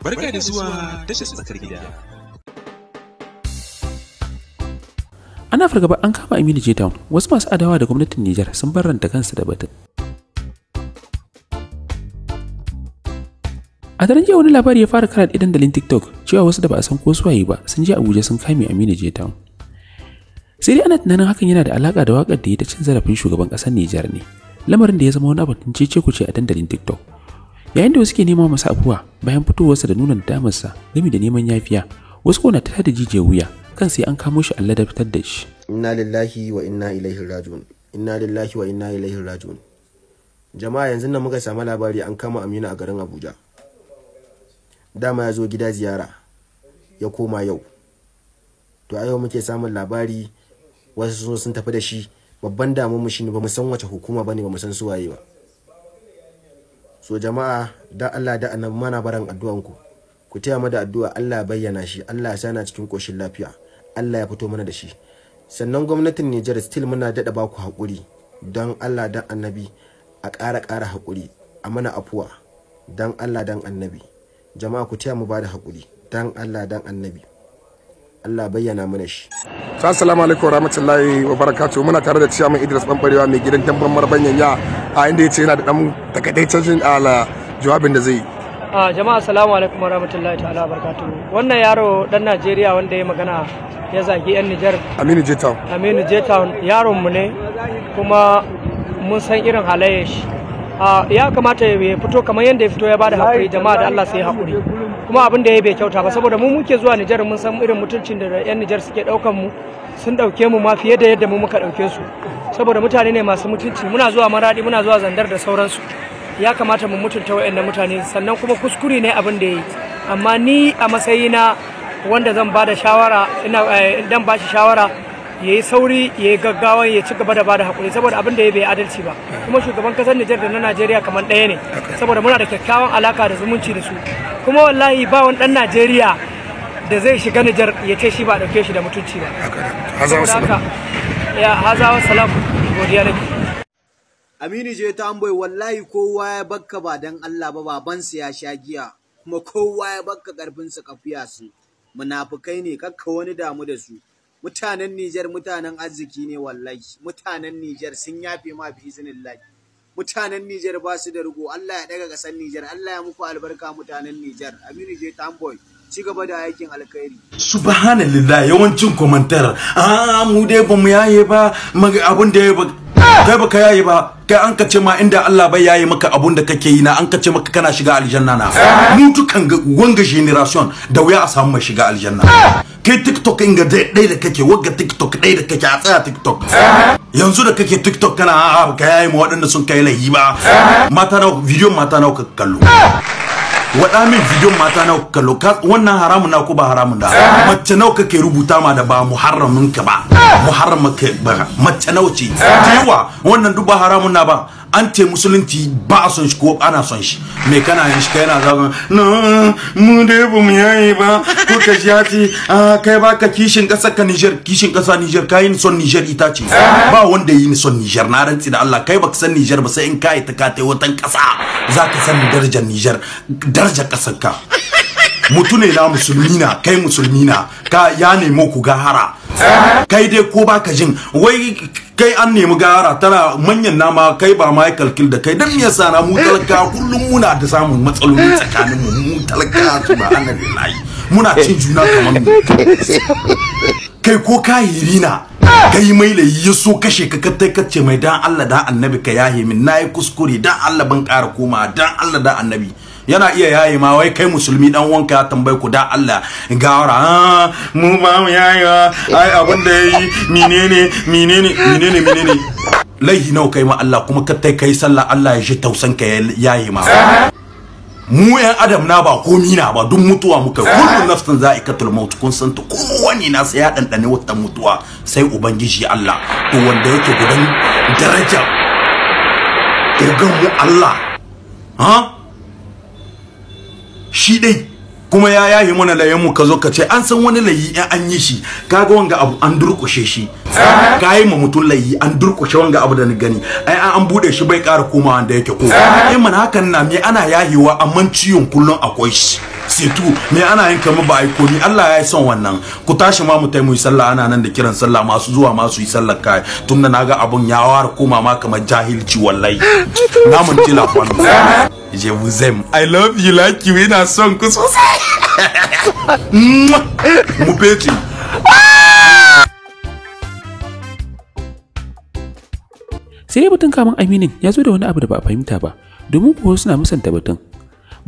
Barka da zuwa tashar tsakar gida. Ana fargaba an kama Aminu J wasu masu adawa da gwamnatin Nijar sun ranta kansu da batun. A daren jiya wani labari ya fara kara idan dalin TikTok cewa wasu da ba a san ko suwaye ba sun je Abuja sun kame Aminu J Sai dai ana tunanin hakan yana da alaka da wakar da ya ta cin zarafin shugaban ƙasar Nijar ne, lamarin da ya zama wani abu ce ce a dandalin TikTok. yayin da wasu ke nema masa afuwa bayan fitowarsa da nuna damarsa gami da neman yafiya wasu kona ta da jijiyar wuya kan sai an kamo shi Allah da fitar da shi inna lillahi wa inna ilaihi rajiun inna lillahi wa inna ilaihi rajiun jama'a yanzu nan muka samu labari an kama Aminu a garin Abuja dama ya zo gida ziyara ya koma yau to a yau muke samun labari wasu sun tafi da shi babban damuwa mu shine ba mu san wace hukuma bane ba mu san su waye ba so jama'a da Allah da annabi mana baran addu'anku ku taya mu da addu'a Allah ya bayyana shi Allah ya sana cikin koshin lafiya Allah ya fito mana da shi sannan gwamnatin Nijar still muna daɗa baku hakuri don Allah da annabi a ƙara ƙara haƙuri a mana afuwa don Allah dan annabi jama'a ku taya mu ba da hakuri don Allah dan annabi Allah bayyana mana shi assalamu alaikum wa barakatu muna tare da ciyaman Idris Bambarewa mai gidan tambar marbanyan ya a inda ya ce yana da dan takaitaccen ala jawabin da zai yi a ah, jama'a assalamu alaikum warahmatullahi ta'ala barkatuhu wannan yaro dan Najeriya wanda ya magana ya zagi yan Nijar Aminu Jetown Aminu Jetown yaron mu ne kuma mun san irin halayen shi ya kamata ya fito kamar yadda ya fito ya bada hakuri jama'a da Allah sai hakuri kuma abin da ya bai kyauta ba saboda mu muke zuwa Nijar mun san irin mutuncin da yan Nijar suke daukan mu sun dauke mu ma fiye da yadda mu muka dauke su saboda mutane ne masu mutunci muna zuwa maradi muna zuwa zandar da sauransu ya kamata mu mutunta wayannan mutane sannan kuma kuskure ne abin da yayi amma ni a matsayina wanda zan bada shawara ina dan eh, bashi shawara ya yi sauri ya yi gaggawa ya ci gaba da bada hakuri saboda abin da ya bai adalci ba kuma shugaban kasar Nijar da na Najeriya kamar ɗaya ne saboda muna da kyakkyawan alaka da zumunci da su kuma wallahi ba wani ɗan Najeriya da zai shiga Nijar ya ce shi ba dauke shi da mutunci ba. Ya hazawa salam godiya nake. Aminu je ta amboi wallahi kowa ya bakka ba dan Allah ba babansa ya sha giya kuma kowa ya bakka karfin sa kafiya su munafukai ne kakka wani damu da su mutanen Nijar mutanen arziki ne wallahi mutanen Nijar sun yafe ma bi Lai mutanen Nijar ba su da rigo Allah ya daga kasar Nijar Allah ya muku albarka mutanen Nijar Aminu je Tamboy ci gaba da aikin alkhairi subhanallah yawancin komantar a ah, mu dai mu yaye ba abin da ya ba kai ba ka yaye ba kai an kace ma inda Allah bai yayi maka abun da kake yi na an kace maka kana shiga aljanna na mu tukan wanga generation da wuya a samu mai shiga aljanna kai tiktok inga dai da kake wagga tiktok dai da kake a tsaya tiktok yanzu da kake tiktok kana ah, ka yayi ma waɗanda sun kai lahi ba mata nawa video mata nawa ka kallo waɗa min bidiyon mata n'a ka lokal wannan haramun na ko ba haramun da mace nawa kake rubuta ma da ba muharramin ka ba muharram ka ba mace nawa ce yawa wannan duk ba haramun na ba an ce musulunci ba a son shi ko ana son shi me kana yin shi kai yana zagon no mu dai ba mu yayi ba ko ka ji a kai ba ka kishin kasa ka Niger kishin kasa Niger kai ni son Niger ita ce ba wanda yi ni son Niger na rantsi da Allah kai baka san Niger ba sai in kai ta ka tai watan kasa zaka san darajar Niger darajar kasar ka mutune na musulmi na kai musulmi na ka ya nemo ku gahara kai dai ko baka jin wai kai an nemi gahara tana manyan nama kai ba Michael kalkil da kai dan me yasa na mu talaka kullum muna da samun matsaloli tsakanin mu mu talaka muna cin juna kamar mu kai ko ka kahiri na kai mai lai ya so kashe ka kattai kace mai dan Allah dan annabi ka yahe min nayi kuskure dan Allah ban kara koma dan Allah dan annabi yana iya yayi ma wai kai musulmi dan wanka ya tambaye ku da Allah gawara mu ba mu yayi ai abun da yayi menene menene menene menene laihi nawa kai ma Allah kuma ka tai kai sallah Allah ya shi tausan ka yayi ma mu yan adam na ba komi na ba duk mutuwa muka kullun nafsin za'ikatul maut kun san ta kowani na sai ya dandane wata mutuwa sai ubangiji Allah to wanda yake gudan daraja dogon mu Allah ha shi dai kuma ya yayi mana layan mu ka zo ka ce an san wani layi in an yi shi kaga wanga abu an durkushe shi ka yi ma mutum layi an durkushe wanga abu da ni gani ai an buɗe shi bai kara komawa da yake ko in eh, mana hakan na me ana yayewa amma ciwon kullum akwai shi setu me ana yin kamar ba a komi Allah ya yi son wannan ku tashi ma mu tai mu yi sallah ana nan da kiran sallah masu zuwa masu yi sallar kai tunda na ga abun ya wara koma ma kamar jahilci wallahi na mun tila je vous aime i love you like you ina son ku sosai mu beti sai dai batun kaman aminin ya zo da wani abu da ba a fahimta ba domin kuwa suna musanta batun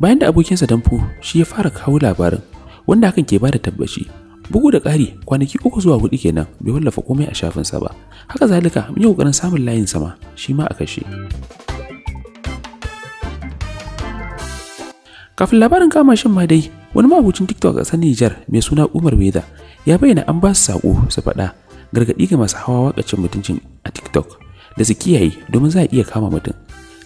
bayan da abokinsa danfu shi ya fara kawo labarin wanda hakan ke bada tabbaci bugu da ƙari kwanaki uku zuwa hudu kenan bai wallafa komai a shafinsa ba haka zalika mun yi ƙoƙarin samun layin sama shi ma a kashe kafin labarin kama shin ma dai wani mabucin tiktok a sani Nijar mai suna Umar Weda ya bayyana an ba su saƙo su faɗa gargaɗi ga masu hawa wakacin mutuncin a tiktok da su kiyaye domin za a iya kama mutum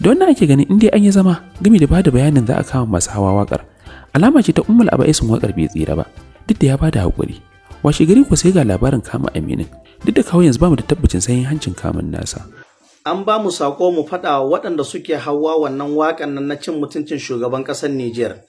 da wannan ake ganin in dai an yi zama gami da bada bayanin za a kama masu hawa wakar alama ce ta ummul aba'isin wakar bai tsira ba duk da ya bada hakuri washe gari ko sai ga labarin kama aminin duk da kawai yanzu bamu da tabbacin sayin hancin kamun nasa an ba mu sako mu faɗa waɗanda suke hawa wannan wakan nan na cin mutuncin shugaban ƙasar Nijar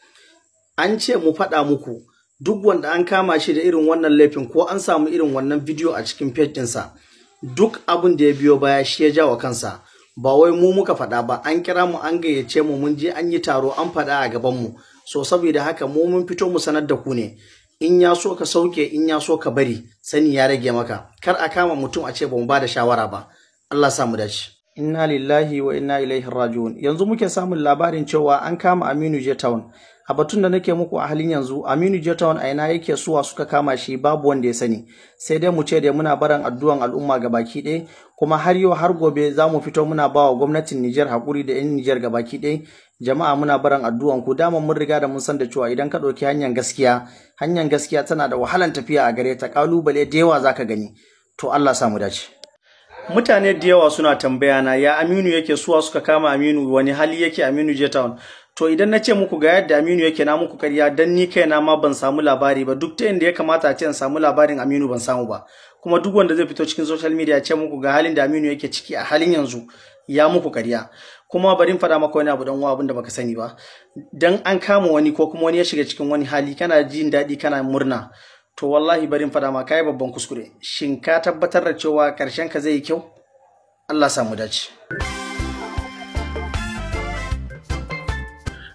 an ce mu faɗa muku duk wanda an kama shi da irin wannan laifin ko an samu irin wannan bidiyo a cikin fejinsa duk abin da ya biyo baya shi ya jawa kansa ba wai mu muka faɗa ba an kira mu an gayyace mu mun je an yi taro an faɗa a gaban mu so saboda haka mu mun fito mu sanar da ku ne in ya so ka sauke in ya so ka bari sani ya rage maka kar a kama mutum a ce ba mu ba da shawara ba Allah sa mu dace inna lillahi wa inna ilaihi raji'un yanzu muke samun labarin cewa an kama Aminu Jetown a batun da nake muku a halin yanzu Aminu Jetown a ina yake suwa suka kama shi babu wanda ya sani sai dai mu ce da muna baran addu'an al'umma baki ɗaya kuma har yau har gobe za mu fito muna bawa gwamnatin Nijar hakuri da 'yan Nijar gabaki ɗaya jama'a muna baran addu'an ku dama mun riga da mun san da cewa idan ka ɗauki hanyar gaskiya hanyar gaskiya tana da wahalan tafiya a gare ta kalubale da yawa zaka gani to Allah sa mu dace mutane da yawa suna tambaya na ya Aminu yake suwa suka kama Aminu wani hali yake Aminu Jetown to idan na ce muku ga yadda Aminu yake na muku karya dan ni kai na ma ban samu labari ba duk ta inda ya kamata a ce in samu labarin Aminu ban samu ba kuma duk wanda zai fito cikin social media ce muku ga halin da Aminu yake ciki a halin yanzu ya muku karya kuma bari in faɗa maka wani abu dan abin da baka sani ba dan an kama wani ko kuma wani ya shiga cikin wani hali kana jin daɗi kana murna to wallahi barin fada ma kai babban kuskure shin ka tabbatar da cewa karshen ka zai yi kyau Allah samu dace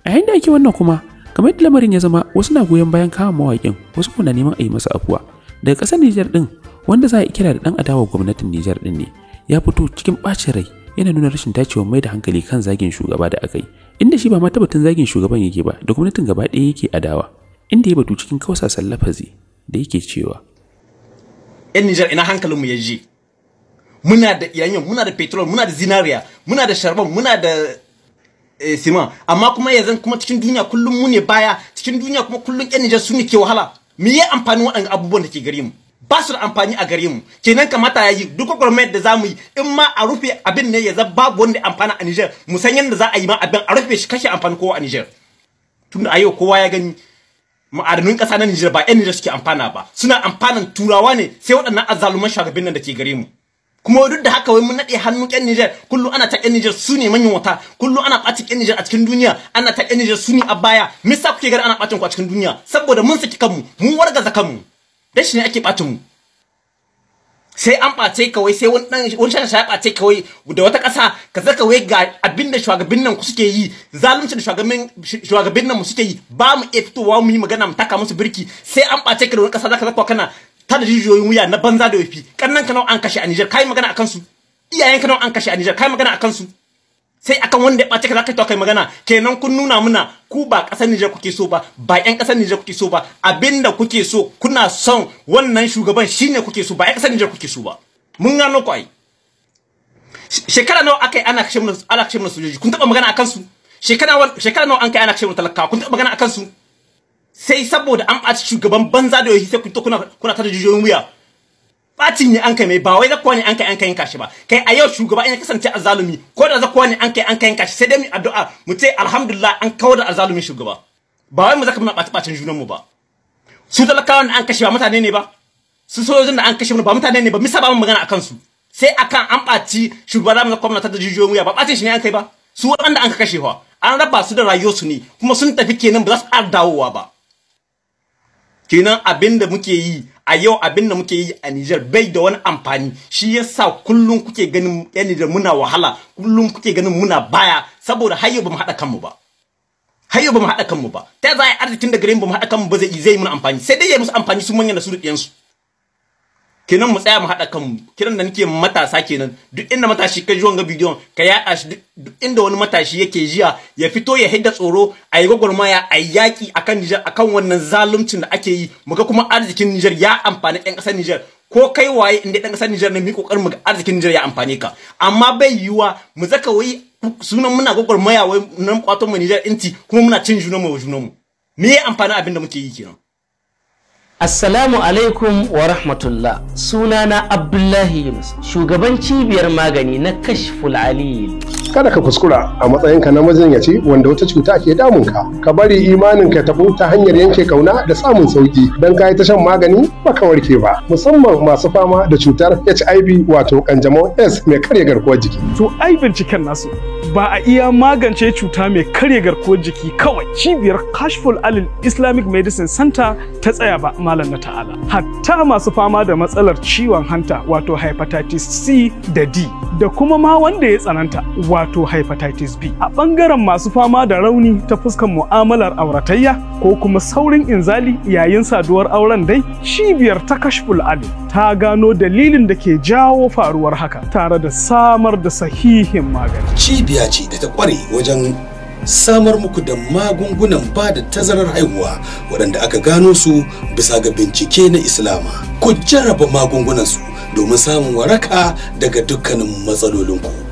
a yayin da ake wannan kuma kamar yadda lamarin ya zama wasu na goyon bayan kama mawaƙin wasu kuma na neman a yi masa afuwa daga ƙasar Nijar din wanda za a kira da dan adawa gwamnatin Nijar ɗin ne ya fito cikin ɓacin rai yana nuna rashin dacewar mai da hankali kan zagin shugaba da aka yi inda shi ba ma tabbatin zagin shugaban yake ba da gwamnatin gaba ɗaya yake adawa inda ya batu cikin kausa lafazi da yake cewa yan Nijar ina hankalin mu je muna da iranian muna da petrol muna da zinariya muna da sharbon muna da siman eh, amma kuma yanzu kuma cikin duniya kullum mu baya cikin duniya kuma kullum yan Nijar su ne ke wahala me ya amfani waɗannan abubuwan da ke gare mu ba su da amfani a gare mu kenan kamata yi duk gwamnati da za mu yi in ma a rufe abin ne ya babu wanda amfana a nijar mu san za a yi ma abin a rufe shi kashe amfani kowa a nijar tunda a yau kowa ya gani ma'adanun ƙasa na Nijar ba ƴan Nijar suke amfana ba suna amfanan turawa ne sai waɗannan azzaluman shugabin nan da ke gare mu kuma duk da haka wai mun nade hannun ƴan Nijar kullu ana ta ƴan Nijar su ne manyan wata kullu ana ɓata ƴan Nijar a cikin duniya ana ta ƴan Nijar su ne a baya me ku kuke gari ana ɓata ku a cikin duniya saboda mun saki kanmu mun wargaza kanmu dashi ne ake ɓata mu sai an ɓace kawai sai wani ɗan wani shan ya ɓace kawai da wata ƙasa ka zaka wai ga abin da shugabin nan ku suke yi zalunci da shugabin nan mu suke yi ba mu iya fitowa mu yi magana mu taka musu birki sai an ɓace ka da wani ƙasa zaka zakwa kana ta da jijiyoyin wuya na banza da wafi kannan ka nawa an kashe a Niger kai magana akan su iyayen ka nawa an kashe a Niger kai magana akan su sai akan wanda ya ɓace ka zaka kai magana kenan kun nuna muna ku ba ƙasar Nijar kuke so ba ba ƴan ƙasar Nijar kuke so ba abinda kuke so kuna son wannan shugaban shine kuke so ba ƴan ƙasar Nijar kuke so ba mun gano ku ai shekara nawa akai ana kashe mun ana kashe mu sojoji kun taba magana akan su shekara shekara nawa an kai ana kashe mu talakawa kun taba magana akan su sai saboda an ɓaci shugaban banza da yohi sai kun kuna kuna tada jujuyoyin wuya bacin ne an kai mai ba wai zakuwa ne an kai an kai yanka shi ba kai a yau shugaba in ya kasance azalumi ko da zakuwa ne an kai an kai yanka shi sai dai mu addu'a mu ce alhamdulillah an kawo da azalumin shugaba ba wai mu zaka muna bacin ɓacin junan mu ba su talakawan an kashe ba mutane ne ba su sojojin da an kashe ba mutane ne ba misa ba mun magana akan su sai akan an baci shugaba mu ta da mu ya ba bacin shi ne an kai ba su wanda an kashe fa an raba su da rayuwar su ne kuma sun tafi kenan ba za su ƙara dawowa ba kenan abinda muke yi a yau abin da muke yi a Niger bai da wani amfani shi yasa kullum kuke ganin yan Niger muna wahala kullum kuke ganin muna baya saboda har yau bamu hada kanmu ba har yau bamu hada kanmu ba ta za a yi arzikin da gare mu bamu hada kanmu ba zai yi mun amfani sai dai ya musu amfani su manyan da su da ɗiyansu kenan mu tsaya mu haɗa kan kiran da nake matasa kenan duk inda matashi ka ji wanga bidiyon ka yaɗa shi duk inda wani matashi yake jiya ya fito ya hidda tsoro a yi gwagwarmaya a yi yaƙi akan Nijar akan wannan zaluncin da ake yi muga kuma arzikin Nijar ya amfani ɗan ƙasar Nijar ko kai waye inda ɗan ƙasar Nijar ne mu kokar mu ga arzikin Nijar ya amfane ka amma bai yiwuwa mu zaka wai sunan muna gwagwarmaya wai nan kwato mu Nijar inci kuma muna cin junanmu wa mu me ya amfani abin da muke yi kenan Assalamu alaikum wa rahmatullah sunana Abdullahi Yunus shugaban cibiyar magani na Kashful Alil. kada ka kuskura a matsayinka na majinyaci wanda wata cuta ke damun ka Ka bari imanin ka tabu ta hanyar yanke kauna da samun sauki dan kai ta shan magani baka warke ba musamman masu fama da cutar HIV wato kanjamau S mai karya garkuwar jiki to ai binciken nasu ba a iya magance cuta mai karya garkuwar jiki kawai cibiyar Kashful Alil Islamic Medicine Center ta tsaya ba malam na ta'ala hatta masu fama da matsalar ciwon hanta wato hepatitis C da D da kuma ma wanda ya tsananta wato wato hepatitis B. A ɓangaren masu fama da rauni ta fuskan mu'amalar auratayya ko kuma saurin inzali yayin saduwar auren dai cibiyar ta kashful Ali ta gano dalilin da ke jawo faruwar haka tare da samar da sahihin magani. Cibiya ce da ta kware wajen samar muku da magungunan ba da tazarar haihuwa waɗanda aka gano su bisa ga bincike na Islama. Ku jarraba su domin samun waraka daga dukkanin matsalolinku.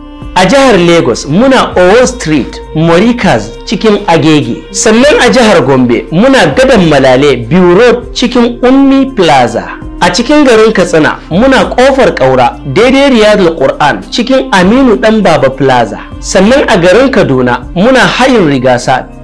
a jihar lagos muna owo street morikas cikin agege sannan a jihar gombe muna gadon malale bureau cikin ummi plaza a cikin garin katsina muna kofar kaura daidai riyadul qur'an cikin aminu dan baba plaza sannan a garin kaduna muna hayin rigasa